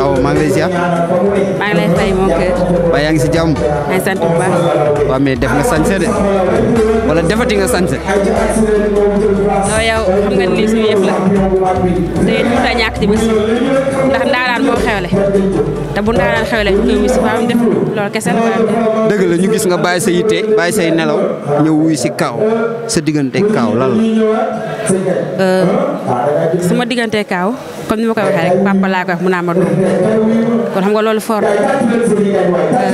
aw maa ngi lay ngi kër. waaye yaa ngi si jàmm. sant bu baax. waaw def nga sañse de wala defati nga sañse. non yow xam nga ni yëf la te mënut a ñàkk ci bés ndax ndaanaan moo xewle. te bu ndaanaan xewlee ñu koy wuy si faam def loolu kese la faam def. dëgg la ñu gis nga bàyyi sa yitte bàyyi say nelaw ñëw wuy si kaaw sa diggante kaaw lan la. Euh, sama diggante kaaw comme ni ma koy waxee rek papa laa koy wax mu naa ma doom kon xam nga loolu fort euh,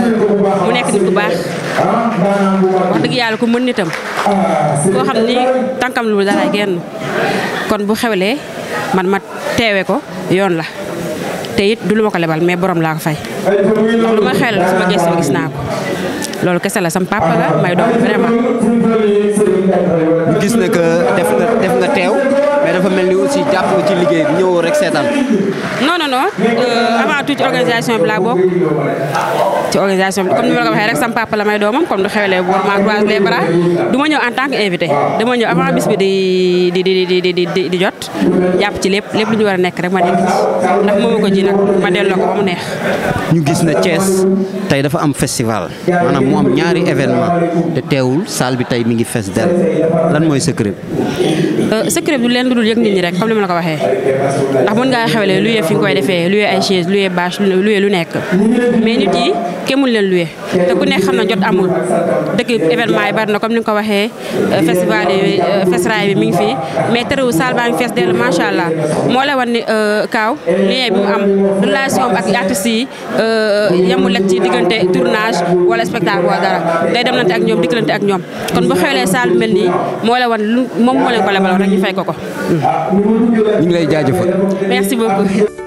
mu nekk nit ku baax wax dëgg yàlla ku mën nitam koo xam ni tànkam lu dara génn kon bu xewlee man ma teewe ko yoon la. te it du lu ma ko lebal mais borom laa ko fay ndax ma xelal su gis naa ko loolu kese la sam papa may doom vraiment. gis na que def nga def nga teew mais dafa mel ni bokku ci liggéey bi ñëwoo rek seetaan non non non eh, avant tout ci organisation bi laa bokk ci organisation bi comme ni ma la ko waxee rek sam papa la may doomam comme eh, du xewlee bu war croise les bras du ma en tant que invité dama ñëw avant bis bi di di di di di di jot jàpp ci lépp lépp lu ñu war a nekk rek ma nekk ci ndax moomu ko ji nag ma delloo ko ba neex ñu gis na Thiès tey dafa am festival maanaam mu am ñaari événement te teewul salle bi tey mi ngi fes del lan mooy secret eh, secret du leen dul yëg nit ñi rek comme ni waxee ndax mën ngaa xewle luyee fi nga koy defee luyee ay chaise luyee bâche luyee lu nekk mais nit yi kenn mënu leen luyee te ku nekk xam na jot amul dëkk événement yi bari na comme ni nga ko waxee euh, festival yi euh, festeraay bi mi ngi fii mais terewul salle baa ngi fees dell allah moo la wan ni euh, kaaw lien bi mu am relation ak artistes yi yemul rek ci diggante tournage wala spectacle wala dara day demlante ak ñoom dikkalante ak ñoom kon bu xewlee salle bi nii moo la wan ñu ngi lay jaajëfal. merci beaucoup.